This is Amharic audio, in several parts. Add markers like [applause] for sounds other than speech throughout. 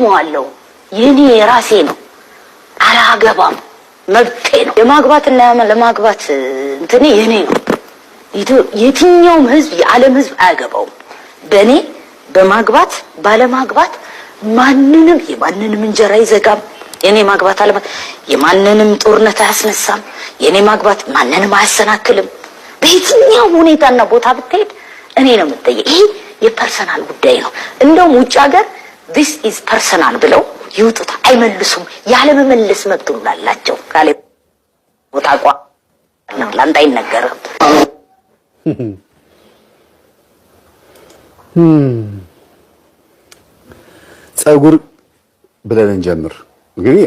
እጠቅመዋለሁ። የእኔ የራሴ ነው፣ አላገባም፣ መብቴ ነው። የማግባትና ለማግባት እንትኔ የእኔ ነው። የትኛውም ህዝብ፣ የዓለም ህዝብ አያገባውም። በእኔ በማግባት ባለማግባት ማንንም የማንንም እንጀራ ይዘጋም የኔ ማግባት አለማት የማንንም ጦርነት አያስነሳም። የኔ ማግባት ማንንም አያሰናክልም። በየትኛውም ሁኔታና ቦታ ብትሄድ እኔ ነው የምጠየቅ። ይሄ የፐርሰናል ጉዳይ ነው። እንደውም ውጭ ሀገር ዲስ ኢዝ ፐርሰናል ብለው ይውጡት። አይመልሱም። ያለመመለስ መብት ላላቸው ካለ ቦታ አይነገርም። ጸጉር ብለን እንጀምር። እንግዲህ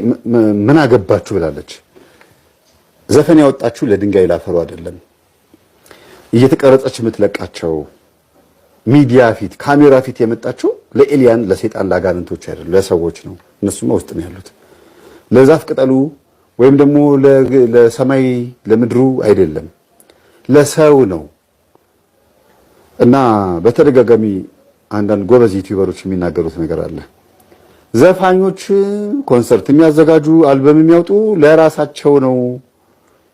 ምን አገባችሁ ብላለች። ዘፈን ያወጣችሁ ለድንጋይ ላፈሩ አይደለም እየተቀረጸች የምትለቃቸው ሚዲያ ፊት ካሜራ ፊት የመጣችው ለኤልያን ለሰይጣን ለአጋንንቶች አይደለም ለሰዎች ነው። እነሱማ ውስጥ ነው ያሉት። ለዛፍ ቅጠሉ ወይም ደግሞ ለሰማይ ለምድሩ አይደለም ለሰው ነው። እና በተደጋጋሚ አንዳንድ ጎበዝ ዩቲዩበሮች የሚናገሩት ነገር አለ። ዘፋኞች ኮንሰርት የሚያዘጋጁ አልበም የሚያወጡ ለራሳቸው ነው።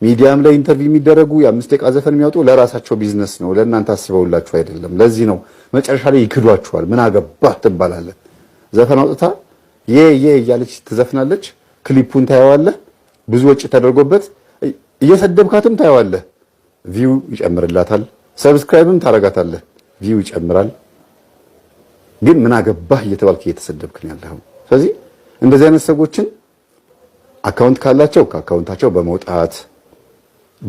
ሚዲያም ላይ ኢንተርቪው የሚደረጉ የአምስት ደቂቃ ዘፈን የሚያወጡ ለራሳቸው ቢዝነስ ነው። ለእናንተ አስበውላችሁ አይደለም። ለዚህ ነው መጨረሻ ላይ ይክዷችኋል። ምን አገባ ትባላለህ። ዘፈን አውጥታ የ የ እያለች ትዘፍናለች። ክሊፑን ታየዋለህ። ብዙ ወጪ ተደርጎበት እየሰደብካትም ታየዋለህ። ቪው ይጨምርላታል። ሰብስክራይብም ታረጋታለህ። ቪው ይጨምራል። ግን ምን አገባህ እየተባልክ እየተሰደብክ ያለው። ስለዚህ እንደዚህ አይነት ሰዎችን አካውንት ካላቸው ከአካውንታቸው በመውጣት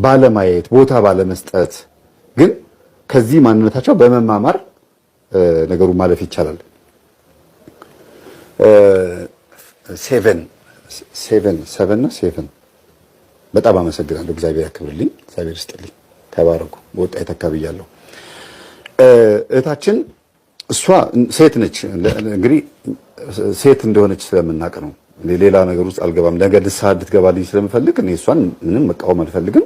ባለማየት ቦታ ባለመስጠት ግን ከዚህ ማንነታቸው በመማማር ነገሩ ማለፍ ይቻላል። ሴቨን ሴቨን ሰቨን ነው ሴቨን። በጣም አመሰግናለሁ። እግዚአብሔር ያክብርልኝ፣ እግዚአብሔር ይስጥልኝ። ተባረኩ። በወጣ የተካብያለሁ። እህታችን እሷ ሴት ነች። እንግዲህ ሴት እንደሆነች ስለምናቅ ነው። ሌላ ነገር ውስጥ አልገባም። ነገ ንስሐ እንድትገባልኝ ስለምፈልግ እኔ እሷን ምንም መቃወም አልፈልግም።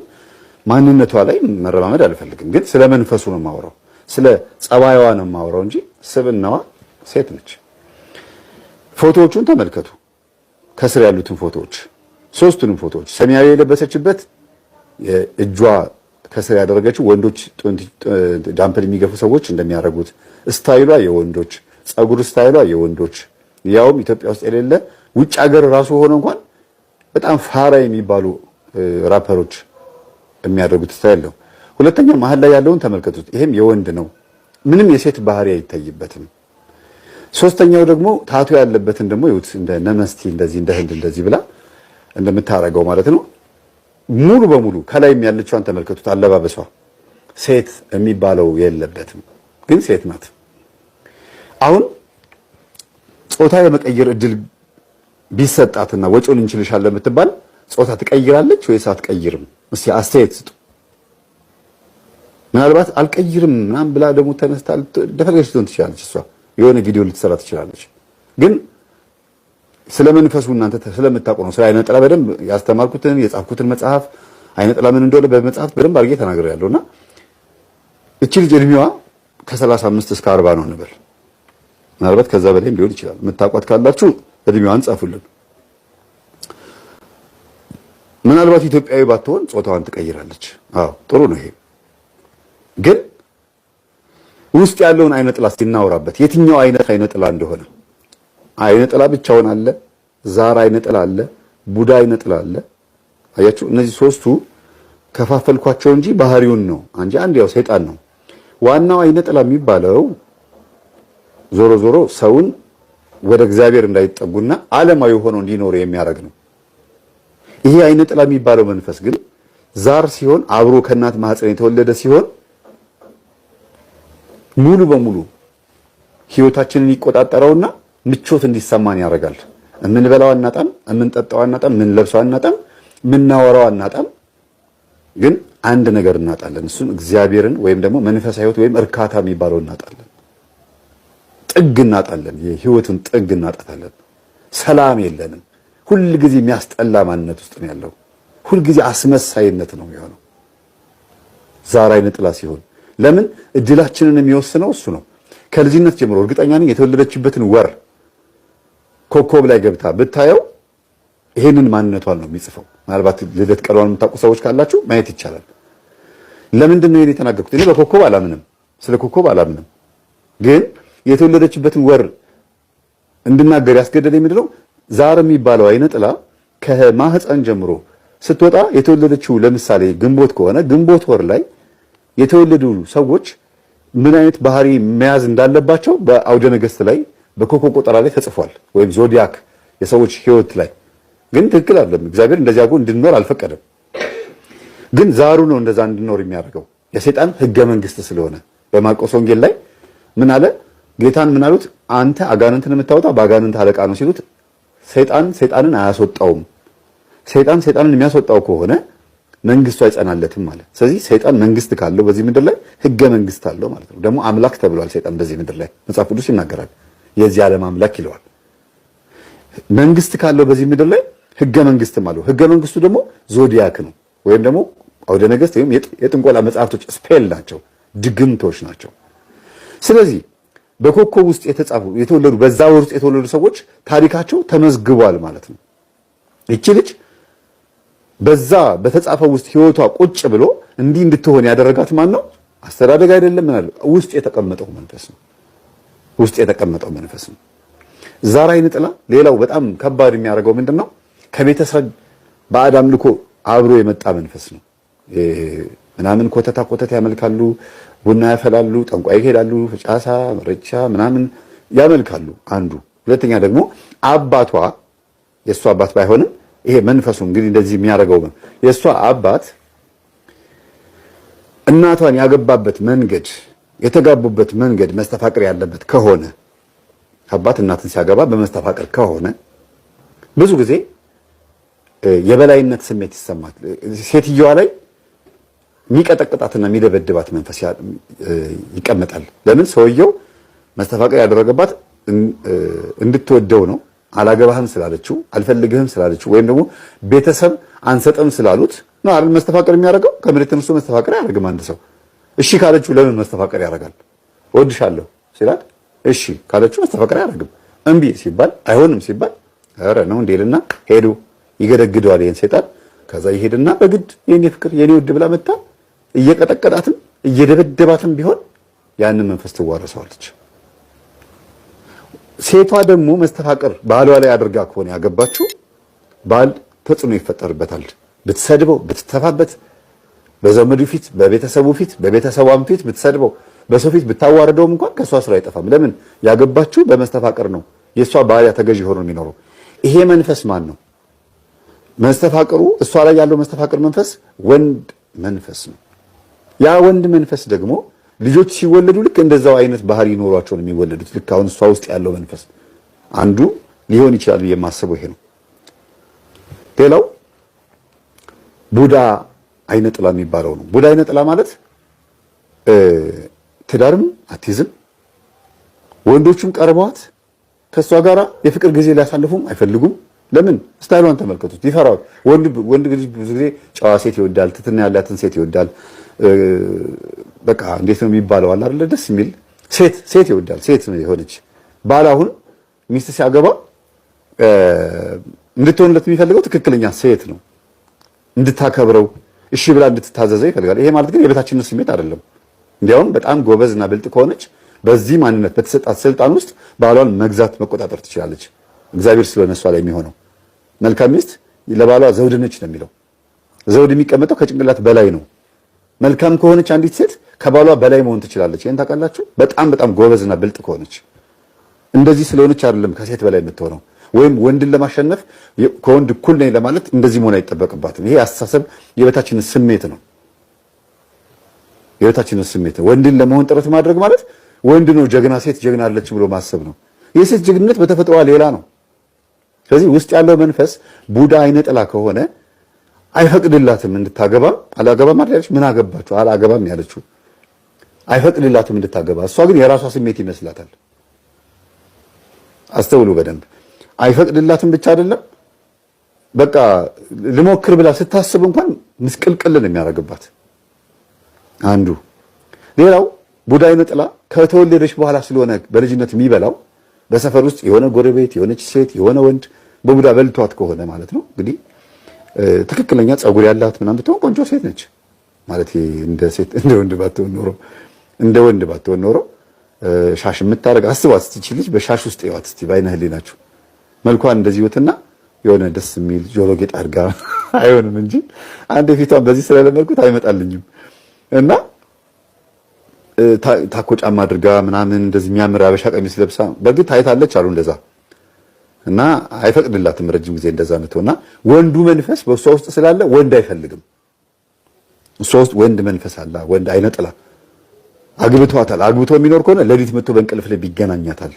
ማንነቷ ላይ መረማመድ አልፈልግም፣ ግን ስለ መንፈሱ ነው የማወራው፣ ስለ ጸባይዋ ነው የማወራው እንጂ ስብናዋ ሴት ነች። ፎቶዎቹን ተመልከቱ፣ ከስር ያሉትን ፎቶዎች፣ ሶስቱንም ፎቶዎች ሰማያዊ የለበሰችበት እጇ ከስር ያደረገችው ወንዶች ዳምፕል የሚገፉ ሰዎች እንደሚያደርጉት ስታይሏ የወንዶች ጸጉር ስታይሏ የወንዶች ያውም ኢትዮጵያ ውስጥ የሌለ ውጭ ሀገር ራሱ ሆኖ እንኳን በጣም ፋራ የሚባሉ ራፐሮች የሚያደርጉት ስታይል ነው። መሀል ላይ ያለውን ተመልከቱት። ይሄም የወንድ ነው። ምንም የሴት ባህሪ አይታይበትም። ሶስተኛው ደግሞ ታቱ ያለበትን ደግሞ ይሁት እንደ ነመስቲ እንደዚህ እንደ ህንድ እንደዚህ ብላ እንደምታረገው ማለት ነው። ሙሉ በሙሉ ከላይም ያለችዋን ተመልከቱት። አለባበሷ ሴት የሚባለው የለበትም፣ ግን ሴት ናት። አሁን ጾታ የመቀየር እድል ቢሰጣትና ወጪውን እንችልሻለን ብትባል ጾታ ትቀይራለች ወይስ አትቀይርም? እስኪ አስተያየት ስጡ። ምናልባት አልቀይርም ምናምን ብላ ደግሞ ተነስታ እንደፈለገች ልትሆን ትችላለች። እሷ የሆነ ቪዲዮ ልትሰራ ትችላለች። ግን ስለመንፈሱ እናንተ ስለምታውቁ ነው። ስለ ጥላ በደንብ ያስተማርኩትን የጻፍኩትን መጽሐፍ አይነ ጥላ ምን እንደሆነ በመጽሐፍ በደንብ አድርጌ ተናግሬያለሁ። እና እቺ ልጅ እድሜዋ ከ35 እስከ 40 ነው እንበል፣ ምናልባት ከዛ በላይም ሊሆን ይችላል። የምታውቋት ካላችሁ እድሜዋን ጻፉልን። ምናልባት ኢትዮጵያዊ ባትሆን ጾታዋን ትቀይራለች። አዎ ጥሩ ነው። ይሄ ግን ውስጥ ያለውን አይነ ጥላ ሲናወራበት የትኛው አይነት አይነ ጥላ እንደሆነ አይነ ጥላ ብቻውን አለ፣ ዛር አይነ ጥላ አለ፣ ቡዳ አይነ ጥላ አለ። አያችሁ፣ እነዚህ ሶስቱ ከፋፈልኳቸው እንጂ ባህሪውን ነው እንጂ አንድ ያው ሰይጣን ነው ዋናው አይነ ጥላ የሚባለው። ዞሮ ዞሮ ሰውን ወደ እግዚአብሔር እንዳይጠጉና ዓለማዊ ሆኖ እንዲኖሩ የሚያደርግ ነው። ይሄ አይነ ጥላ የሚባለው መንፈስ ግን ዛር ሲሆን አብሮ ከእናት ማህፀን የተወለደ ሲሆን ሙሉ በሙሉ ህይወታችንን ይቆጣጠረውና ምቾት እንዲሰማን ያደርጋል። የምንበላው አናጣም፣ የምንጠጣው አናጣም፣ የምንለብሰው አናጣም፣ የምናወራው አናጣም። ግን አንድ ነገር እናጣለን። እሱም እግዚአብሔርን ወይም ደግሞ መንፈሳዊ ህይወት ወይም እርካታ የሚባለው እናጣለን። ጥግ እናጣለን። የህይወትን ጥግ እናጣታለን። ሰላም የለንም። ሁል ጊዜ የሚያስጠላ ማንነት ውስጥ ነው ያለው። ጊዜ አስመሳይነት ነው የሚሆነው ዛራይ ነጥላ ሲሆን ለምን እድላችንን የሚወስነው እሱ ነው። ከልጅነት ጀምሮ እርግጠኛ ነኝ የተወለደችበትን ወር ኮከብ ላይ ገብታ ብታየው ይሄንን ማንነቷን ነው የሚጽፈው። ምናልባት ልደት ቀሏን የምታውቁ ሰዎች ካላችሁ ማየት ይቻላል። ለምንድን ነው ይሄን የተናገርኩት? እኔ በኮከብ አላምንም፣ ስለ ኮከብ አላምንም። ግን የተወለደችበትን ወር እንድናገር ያስገደደኝ ምንድነው ዛር የሚባለው አይነ ጥላ ከማህፀን ጀምሮ ስትወጣ የተወለደችው ለምሳሌ ግንቦት ከሆነ ግንቦት ወር ላይ የተወለዱ ሰዎች ምን አይነት ባህሪ መያዝ እንዳለባቸው በአውደ ነገስት ላይ በኮከብ ቆጠራ ላይ ተጽፏል፣ ወይም ዞዲያክ የሰዎች ህይወት ላይ ግን ትክክል አይደለም። እግዚአብሔር እንደዚህ አድርጎ እንድንኖር አልፈቀደም። ግን ዛሩ ነው እንደዛ እንድንኖር የሚያደርገው የሰይጣን ህገ መንግስት ስለሆነ በማርቆስ ወንጌል ላይ ምን አለ? ጌታን ምን አሉት? አንተ አጋንንትን የምታወጣ በአጋንንት አለቃ ነው ሲሉት ሰይጣን ሰይጣንን አያስወጣውም። ሰይጣን ሰይጣንን የሚያስወጣው ከሆነ መንግስቱ አይጸናለትም ማለት። ስለዚህ ሰይጣን መንግስት ካለው በዚህ ምድር ላይ ህገ መንግስት አለው ማለት ነው። ደግሞ አምላክ ተብሏል። ሰይጣን በዚህ ምድር ላይ መጽሐፍ ቅዱስ ይናገራል። የዚህ ዓለም አምላክ ይለዋል። መንግስት ካለው በዚህ ምድር ላይ ህገ መንግስትም አለው። ህገ መንግስቱ ደግሞ ዞዲያክ ነው፣ ወይም ደግሞ አውደ ነገስት ወይም የጥንቆላ መጽሐፍቶች ስፔል ናቸው፣ ድግምቶች ናቸው። ስለዚህ በኮከብ ውስጥ የተጻፉ የተወለዱ በዛ ወር ውስጥ የተወለዱ ሰዎች ታሪካቸው ተመዝግቧል ማለት ነው። ይቺ ልጅ በዛ በተጻፈው ውስጥ ህይወቷ ቁጭ ብሎ እንዲህ እንድትሆን ያደረጋት ማን ነው? አስተዳደግ አይደለም። ምን ውስጥ የተቀመጠው መንፈስ ነው። ውስጥ የተቀመጠው መንፈስ ነው። ዛራ ጥላ። ሌላው በጣም ከባድ የሚያደርገው ምንድን ነው? ከቤተሰብ በአዳም ልኮ አብሮ የመጣ መንፈስ ነው። ምናምን ኮተታ ኮተት ያመልካሉ፣ ቡና ያፈላሉ፣ ጠንቋይ ይሄዳሉ፣ ጫሳ መረቻ ምናምን ያመልካሉ። አንዱ ሁለተኛ ደግሞ አባቷ የእሷ አባት ባይሆንም ይሄ መንፈሱ እንግዲህ እንደዚህ የሚያደርገው የእሷ አባት እናቷን ያገባበት መንገድ የተጋቡበት መንገድ መስተፋቅር ያለበት ከሆነ አባት እናትን ሲያገባ በመስተፋቅር ከሆነ ብዙ ጊዜ የበላይነት ስሜት ይሰማል ሴትየዋ ላይ የሚቀጠቅጣትና የሚደበድባት መንፈስ ይቀመጣል። ለምን ሰውየው መስተፋቅር ያደረገባት እንድትወደው ነው። አላገባህም ስላለችው፣ አልፈልግህም ስላለችው ወይም ደግሞ ቤተሰብ አንሰጥም ስላሉት ነው አይደል መስተፋቅር የሚያደርገው። ከመሬት ተነስቶ መስተፋቅር አያደርግም አንድ ሰው። እሺ ካለችው ለምን መስተፋቅር ያደርጋል? እወድሻለሁ ሲላት እሺ ካለችው መስተፋቅር አያደርግም። እምቢ ሲባል አይሆንም ሲባል ኧረ ነው እንዴልና ሄዱ ይገደግደዋል ይህን ሴጣን። ከዛ ይሄድና በግድ የኔ ፍቅር የኔ ውድ ብላ መጣ እየቀጠቀጣትም እየደበደባትም ቢሆን ያንን መንፈስ ትዋረሰዋለች። ሴቷ ደግሞ መስተፋቅር ባሏ ላይ አድርጋ ከሆነ ያገባችው ባል ተጽዕኖ ይፈጠርበታል። ብትሰድበው፣ ብትተፋበት፣ በዘመዱ ፊት፣ በቤተሰቡ ፊት፣ በቤተሰቧም ፊት ብትሰድበው፣ በሰው ፊት ብታዋርደውም እንኳን ከእሷ ስራ አይጠፋም። ለምን ያገባችው በመስተፋቅር ነው። የእሷ ባሪያ ተገዥ ሆኖ የሚኖረው ይሄ መንፈስ ማን ነው? መስተፋቅሩ እሷ ላይ ያለው መስተፋቅር መንፈስ ወንድ መንፈስ ነው። ያ ወንድ መንፈስ ደግሞ ልጆች ሲወለዱ ልክ እንደዛው አይነት ባህሪ ይኖሯቸው ነው የሚወለዱት። ልክ አሁን እሷ ውስጥ ያለው መንፈስ አንዱ ሊሆን ይችላል ብዬ የማስበው ይሄ ነው። ሌላው ቡዳ አይነ ጥላ የሚባለው ነው። ቡዳ አይነ ጥላ ማለት ትዳርም አትይዝም፣ ወንዶቹም ቀርበዋት ከእሷ ጋር የፍቅር ጊዜ ሊያሳልፉም አይፈልጉም። ለምን ስታይሏን ተመልከቱት። ይፈራዋል። ወንድ ወንድ ብዙ ጊዜ ጨዋ ሴት ይወዳል፣ ትትና ያላትን ሴት ይወዳል። በቃ እንዴት ነው የሚባለው አለ አይደለ? ደስ የሚል ሴት ሴት ይወዳል። ሴት ነው የሆነች ባል አሁን ሚስት ሲያገባ እንድትሆንለት የሚፈልገው ትክክለኛ ሴት ነው። እንድታከብረው፣ እሺ ብላ እንድትታዘዘ ይፈልጋል። ይሄ ማለት ግን የበታችነት ስሜት አይደለም። እንዲያውም በጣም ጎበዝና ብልጥ ከሆነች በዚህ ማንነት በተሰጣት ስልጣን ውስጥ ባሏን መግዛት መቆጣጠር ትችላለች። እግዚአብሔር ስለነሷ ላይ የሚሆነው መልካም ሚስት ለባሏ ዘውድ ነች ነው የሚለው። ዘውድ የሚቀመጠው ከጭንቅላት በላይ ነው። መልካም ከሆነች አንዲት ሴት ከባሏ በላይ መሆን ትችላለች። ይህን ታውቃላችሁ። በጣም በጣም ጎበዝና ብልጥ ከሆነች እንደዚህ ስለሆነች አይደለም ከሴት በላይ የምትሆነው። ወይም ወንድን ለማሸነፍ ከወንድ እኩል ነኝ ለማለት እንደዚህ መሆን አይጠበቅባትም። ይሄ አስተሳሰብ የበታችነት ስሜት ነው። የበታችነት ስሜት ነው። ወንድን ለመሆን ጥረት ማድረግ ማለት ወንድ ነው ጀግና፣ ሴት ጀግና አለች ብሎ ማሰብ ነው። የሴት ጀግንነት በተፈጥሯ ሌላ ነው። ስለዚህ ውስጥ ያለው መንፈስ ቡዳ አይነ ጥላ ከሆነ አይፈቅድላትም እንድታገባ። አላገባም አይደለች ምን አገባችሁ አላገባም ያለችው አይፈቅድላትም እንድታገባ። እሷ ግን የራሷ ስሜት ይመስላታል። አስተውሉ በደንብ አይፈቅድላትም ብቻ አይደለም፣ በቃ ልሞክር ብላ ስታስብ እንኳን ምስቅልቅል የሚያደርግባት። አንዱ ሌላው ቡዳ አይነ ጥላ ከተወለደች በኋላ ስለሆነ በልጅነት የሚበላው በሰፈር ውስጥ የሆነ ጎረቤት የሆነች ሴት የሆነ ወንድ በቡዳ በልቷት ከሆነ ማለት ነው እንግዲህ ትክክለኛ ጸጉር ያላት ምናምን ብትሆን ቆንጆ ሴት ነች ማለት እንደ ሴት [laughs] እንደ ወንድ ባትሆን ኖሮ እንደ ወንድ ባትሆን ኖሮ ሻሽ የምታደርግ አስባት እስቲ ልጅ በሻሽ ውስጥ ይዋት እስቲ ባይነ ህሊናችሁ መልኳን እንደዚህ ወትና የሆነ ደስ የሚል ጆሮ ጌጥ አድርጋ [laughs] አይሆንም እንጂ አንድ የፊቷን በዚህ ስለለመድኩት አይመጣልኝም እና ታኮ ጫማ አድርጋ ምናምን እንደዚህ የሚያምር አበሻ ቀሚስ ለብሳ በእርግጥ ታይታለች አሉ እንደዛ እና አይፈቅድላትም ረጅም ጊዜ እንደዛ ምትሆና ወንዱ መንፈስ በእሷ ውስጥ ስላለ ወንድ አይፈልግም። እሷ ውስጥ ወንድ መንፈስ አለ። ወንድ አይነጥላ አግብቷታል። አግብቶ የሚኖር ከሆነ ሌሊት መጥቶ በእንቅልፍ ልብ ይገናኛታል።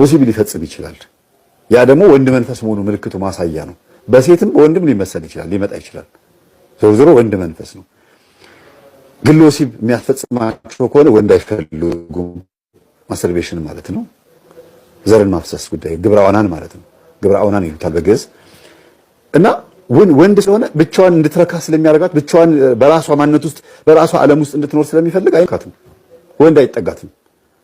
ወሲብ ሊፈጽም ይችላል። ያ ደግሞ ወንድ መንፈስ መሆኑ ምልክቱ ማሳያ ነው። በሴትም ወንድም ሊመሰል ይችላል፣ ሊመጣ ይችላል። ዞሮ ዞሮ ወንድ መንፈስ ነው። ግን ለወሲብ የሚያስፈጽማቸው ከሆነ ወንድ አይፈልጉም። ማስተርቤሽን ማለት ነው። ዘርን ማፍሰስ ጉዳይ ግብረ አውናን ማለት ነው። ግብረ አውናን ይሉታል በግዕዝ እና ወንድ ስለሆነ ብቻዋን እንድትረካ ስለሚያደርጋት ብቻዋን በራሷ ማንነት ውስጥ በራሷ ዓለም ውስጥ እንድትኖር ስለሚፈልግ አይካትም። ወንድ አይጠጋትም፣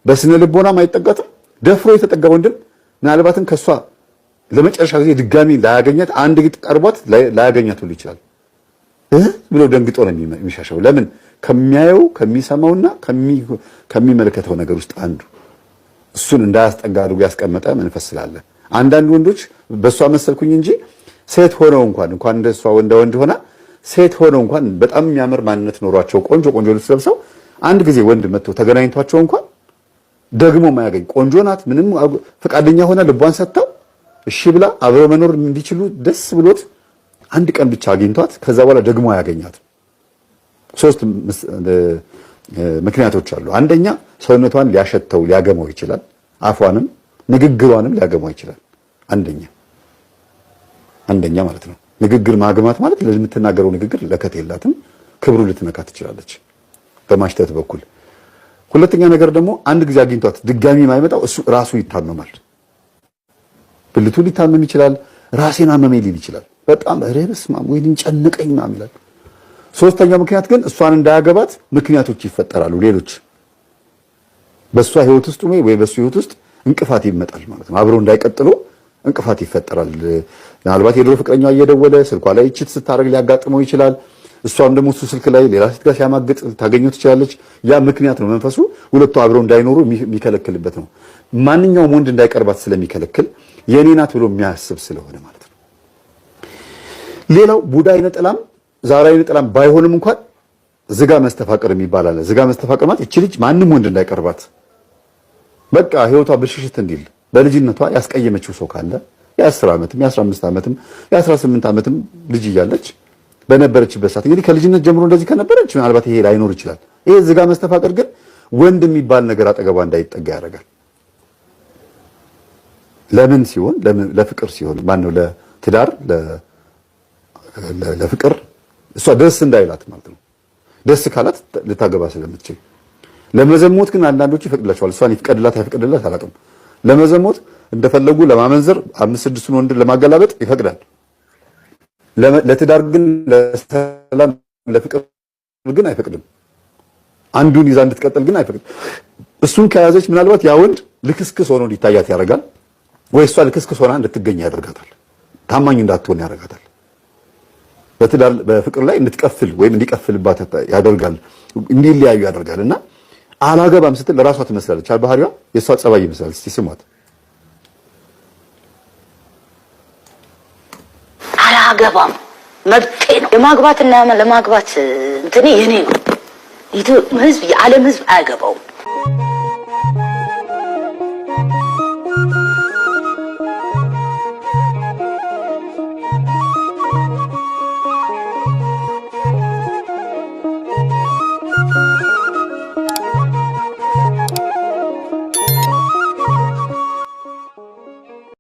በስነ ልቦናም አይጠጋትም። ደፍሮ የተጠጋ ወንድም ምናልባትም ከእሷ ለመጨረሻ ጊዜ ድጋሚ ላያገኛት አንድ ግጥ ቀርቧት ላያገኛት ሁሉ ይችላል ብሎ ደንግጦ ነው የሚሻሸው። ለምን? ከሚያየው ከሚሰማውና ከሚመለከተው ነገር ውስጥ አንዱ እሱን እንዳያስጠጋ አድርጎ ያስቀመጠ መንፈስ ስላለ አንዳንድ ወንዶች በእሷ መሰልኩኝ እንጂ ሴት ሆነው እንኳን እንኳን እንደ እሷ እንደ ወንድ ሆና ሴት ሆነው እንኳን በጣም የሚያምር ማንነት ኖሯቸው ቆንጆ ቆንጆ ልብስ ለብሰው አንድ ጊዜ ወንድ መጥቶ ተገናኝቷቸው እንኳን ደግሞ ማያገኝ ቆንጆ ናት ምንም ፈቃደኛ ሆና ልቧን ሰጥተው እሺ ብላ አብረ መኖር እንዲችሉ ደስ ብሎት አንድ ቀን ብቻ አግኝቷት ከዛ በኋላ ደግሞ አያገኛት ሶስት ምክንያቶች አሉ። አንደኛ ሰውነቷን ሊያሸተው ሊያገመው ይችላል። አፏንም ንግግሯንም ሊያገመው ይችላል። አንደኛ አንደኛ ማለት ነው። ንግግር ማግማት ማለት ለምትናገረው ንግግር ለከት የላትም፣ ክብሩ ልትነካ ትችላለች በማሽተት በኩል። ሁለተኛ ነገር ደግሞ አንድ ጊዜ አግኝቷት ድጋሚ የማይመጣው እሱ ራሱ ይታመማል። ብልቱ ሊታመም ይችላል። ራሴን አመሜ ሊል ይችላል። በጣም ረብስ ማም ወይ ወይኔ ጨነቀኝ ምናምን ይላል። ሶስተኛው ምክንያት ግን እሷን እንዳያገባት ምክንያቶች ይፈጠራሉ። ሌሎች በእሷ ህይወት ውስጥ ወይ በእሱ ህይወት ውስጥ እንቅፋት ይመጣል ማለት ነው። አብሮ እንዳይቀጥሉ እንቅፋት ይፈጠራል። ምናልባት የድሮ ፍቅረኛ እየደወለ ስልኳ ላይ ቺት ስታደርግ ሊያጋጥመው ይችላል። እሷም ደግሞ እሱ ስልክ ላይ ሌላ ሴት ጋር ሲያማግጥ ታገኘው ትችላለች። ያ ምክንያት ነው መንፈሱ ሁለቱ አብረው እንዳይኖሩ የሚከለክልበት ነው። ማንኛውም ወንድ እንዳይቀርባት ስለሚከለክል የኔናት ናት ብሎ የሚያስብ ስለሆነ ማለት ነው። ሌላው ቡዳይ ነጠላም ዛሬ ጥላም ባይሆንም እንኳን ዝጋ መስተፋቅር የሚባል አለ። ዝጋ መስተፋቅር ማለት እቺ ልጅ ማንም ወንድ እንዳይቀርባት በቃ ህይወቷ ብልሽሽት እንዲል በልጅነቷ ያስቀየመችው ሰው ካለ የ10 ዓመትም የ15 ዓመትም የ18 ዓመትም ልጅ እያለች በነበረችበት ሰዓት እንግዲህ ከልጅነት ጀምሮ እንደዚህ ከነበረች ምናልባት ይሄ ላይኖር ይችላል። ይሄ ዝጋ መስተፋቅር ግን ወንድ የሚባል ነገር አጠገቧ እንዳይጠጋ ያደርጋል። ለምን ሲሆን ለፍቅር ሲሆን ማነው ለትዳር ለፍቅር እሷ ደስ እንዳይላት ማለት ነው። ደስ ካላት ልታገባ ስለምትችል ለመዘሞት ግን አንዳንዶቹ ይፈቅድላቸዋል። እሷን ይፍቀድላት አይፈቅድላት አላውቅም። ለመዘሞት እንደፈለጉ ለማመንዘር አምስት ስድስቱን ወንድ ለማገላበጥ ይፈቅዳል። ለትዳር ግን ለሰላም ለፍቅር ግን አይፈቅድም። አንዱን ይዛ እንድትቀጥል ግን አይፈቅድም። እሱን ከያዘች ምናልባት ያ ወንድ ልክስክስ ሆኖ እንዲታያት ያደርጋል ወይ እሷ ልክስክስ ሆና እንድትገኝ ያደርጋታል። ታማኝ እንዳትሆን ያደርጋታል። በፍቅር ላይ እንድትቀፍል ወይም እንዲቀፍልባት ያደርጋል፣ እንዲለያዩ ያደርጋል። እና አላገባም ስትል ለራሷ ትመስላለች፣ ባህሪዋ የእሷ ጸባይ ይመስላል። እስቲ ስሟት። አላገባም መብቴ ነው። የማግባትና ለማግባት እንትኔ የኔ ነው። ህዝብ የዓለም ህዝብ አያገባውም።